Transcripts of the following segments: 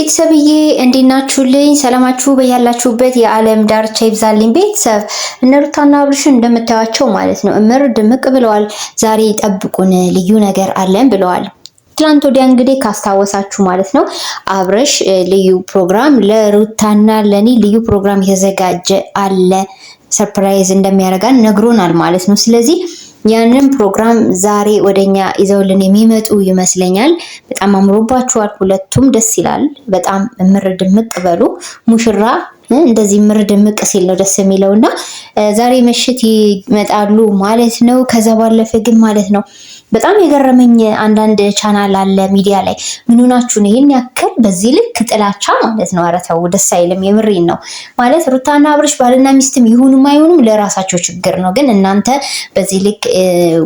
ቤተሰብዬ እንዲናችሁልኝ ሰላማችሁ በያላችሁበት የዓለም ዳርቻ ይብዛልኝ። ቤተሰብ እነሩታና አብርሽን እንደምታዩቸው ማለት ነው እምር ድምቅ ብለዋል። ዛሬ ጠብቁን ልዩ ነገር አለን ብለዋል። ትላንት ወዲያ እንግዲህ ካስታወሳችሁ ማለት ነው አብርሽ ልዩ ፕሮግራም ለሩታና ለኔ ልዩ ፕሮግራም የተዘጋጀ አለ ሰርፕራይዝ እንደሚያደርጋን ነግሮናል ማለት ነው። ስለዚህ ያንን ፕሮግራም ዛሬ ወደኛ ይዘውልን የሚመጡ ይመስለኛል። በጣም አምሮባችኋል። ሁለቱም ደስ ይላል። በጣም ምር ድምቅ በሉ። ሙሽራ እንደዚህ ምር ድምቅ ሲል ነው ደስ የሚለው እና ዛሬ ምሽት ይመጣሉ ማለት ነው። ከዛ ባለፈ ግን ማለት ነው በጣም የገረመኝ አንዳንድ ቻናል አለ ሚዲያ ላይ ምን ነው ይህን ያክል በዚህ ልክ ጥላቻ ማለት ነው። አረተው ደስ አይልም። የምሬን ነው ማለት ሩታና አብርሽ ባልና ሚስትም ይሁኑም አይሁኑም ለራሳቸው ችግር ነው። ግን እናንተ በዚህ ልክ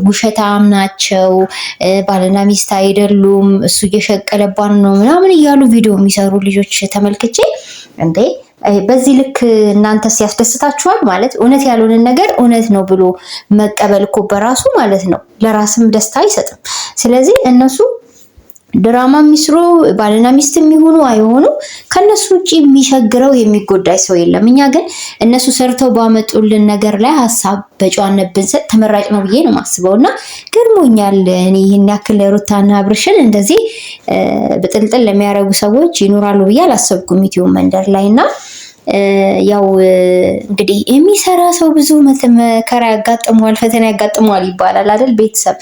ውሸታም ናቸው፣ ባልና ሚስት አይደሉም፣ እሱ እየሸቀለባን ነው ምናምን እያሉ ቪዲዮ የሚሰሩ ልጆች ተመልክቼ እንዴ በዚህ ልክ እናንተ ሲያስደስታችኋል ማለት እውነት ያልሆንን ነገር እውነት ነው ብሎ መቀበል እኮ በራሱ ማለት ነው ለራስም ደስታ አይሰጥም። ስለዚህ እነሱ ድራማ የሚስሩ ባልና ሚስት የሚሆኑ አይሆኑ ከነሱ ውጭ የሚቸግረው የሚጎዳይ ሰው የለም። እኛ ግን እነሱ ሰርተው ባመጡልን ነገር ላይ ሀሳብ በጨዋነት ብንሰጥ ተመራጭ ነው ብዬ ነው ማስበው። እና ገርሞኛል። እኔ ይህን ያክል ሩታና አብርሽን እንደዚህ ብጥልጥል ለሚያደርጉ ሰዎች ይኖራሉ ብዬ አላሰብኩም ኢትዮ መንደር ላይ እና ያው እንግዲህ የሚሰራ ሰው ብዙ መከራ ያጋጥመዋል፣ ፈተና ያጋጥመዋል ይባላል አይደል? ቤተሰብ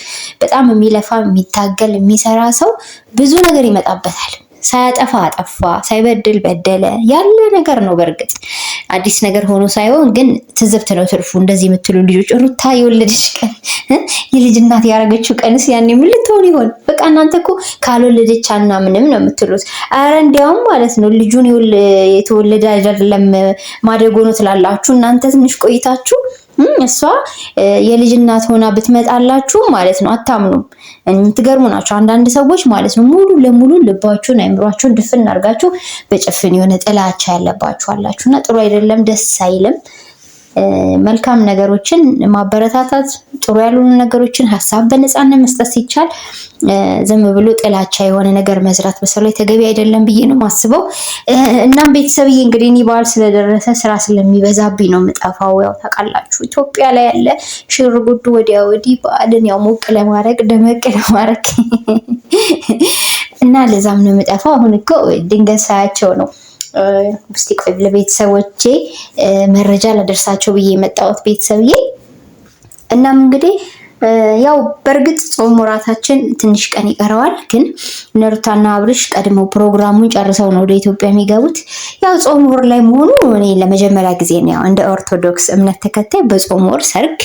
በጣም የሚለፋ የሚታገል የሚሰራ ሰው ብዙ ነገር ይመጣበታል። ሳያጠፋ አጠፋ፣ ሳይበድል በደለ ያለ ነገር ነው በእርግጥ አዲስ ነገር ሆኖ ሳይሆን ግን ትዝብት ነው ትርፉ። እንደዚህ የምትሉ ልጆች ሩታ የወለደች ቀን የልጅ እናት ያደረገችው ቀንስ ያኔ ምን ልትሆን ይሆን? በቃ እናንተ እኮ ካልወለደች አና ምንም ነው የምትሉት። አረ እንዲያውም ማለት ነው ልጁን የተወለደ አይደለም ማደጎ ነው ትላላችሁ እናንተ ትንሽ ቆይታችሁ እሷ የልጅ እናት ሆና ብትመጣላችሁ ማለት ነው አታምኑም። የምትገርሙ ናቸው አንዳንድ ሰዎች ማለት ነው። ሙሉ ለሙሉ ልባችሁን አይምሯችሁን ድፍን አድርጋችሁ በጭፍን የሆነ ጥላቻ ያለባችሁ አላችሁ እና ጥሩ አይደለም፣ ደስ አይልም። መልካም ነገሮችን ማበረታታት፣ ጥሩ ያልሆኑ ነገሮችን ሀሳብ በነፃነት መስጠት ሲቻል ዝም ብሎ ጥላቻ የሆነ ነገር መዝራት በሰው ላይ ተገቢ አይደለም ብዬ ነው ማስበው። እናም ቤተሰብዬ እንግዲህ እኔ በዓል ስለደረሰ ስራ ስለሚበዛብኝ ነው የምጠፋው። ያው ታውቃላችሁ ኢትዮጵያ ላይ ያለ ሽር ጉዱ ወዲያ ወዲህ በዓልን ያው ሞቅ ለማድረግ ደመቅ ለማድረግ እና ለዛም ነው የምጠፋው። አሁን እኮ ድንገት ሳያቸው ነው እስቲ ቆይ ለቤተሰቦቼ መረጃ ላደርሳቸው ብዬ የመጣሁት ቤተሰብዬ። እናም እንግዲህ ያው በእርግጥ ጾም ወራታችን ትንሽ ቀን ይቀረዋል፣ ግን ነሩታና አብርሽ ቀድመው ፕሮግራሙን ጨርሰው ነው ወደ ኢትዮጵያ የሚገቡት። ያው ጾም ወር ላይ መሆኑ እኔ ለመጀመሪያ ጊዜ ነው። ያው እንደ ኦርቶዶክስ እምነት ተከታይ በጾም ወር ሰርግ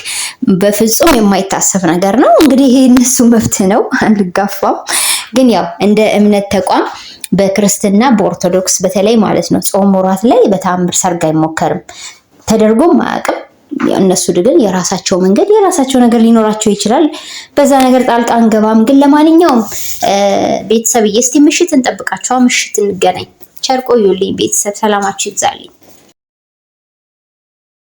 በፍጹም የማይታሰብ ነገር ነው። እንግዲህ ይህ እነሱ መብት ነው፣ አንጋፋም ግን ያው እንደ እምነት ተቋም በክርስትና በኦርቶዶክስ በተለይ ማለት ነው ጾም ወራት ላይ በተአምር ሰርግ አይሞከርም ተደርጎም አያውቅም። እነሱ ግን የራሳቸው መንገድ የራሳቸው ነገር ሊኖራቸው ይችላል። በዛ ነገር ጣልቃ አንገባም። ግን ለማንኛውም ቤተሰብዬ እስቲ ምሽት እንጠብቃቸዋ። ምሽት እንገናኝ። ቸር ቆዩልኝ ቤተሰብ። ሰላማችሁ ይብዛልኝ።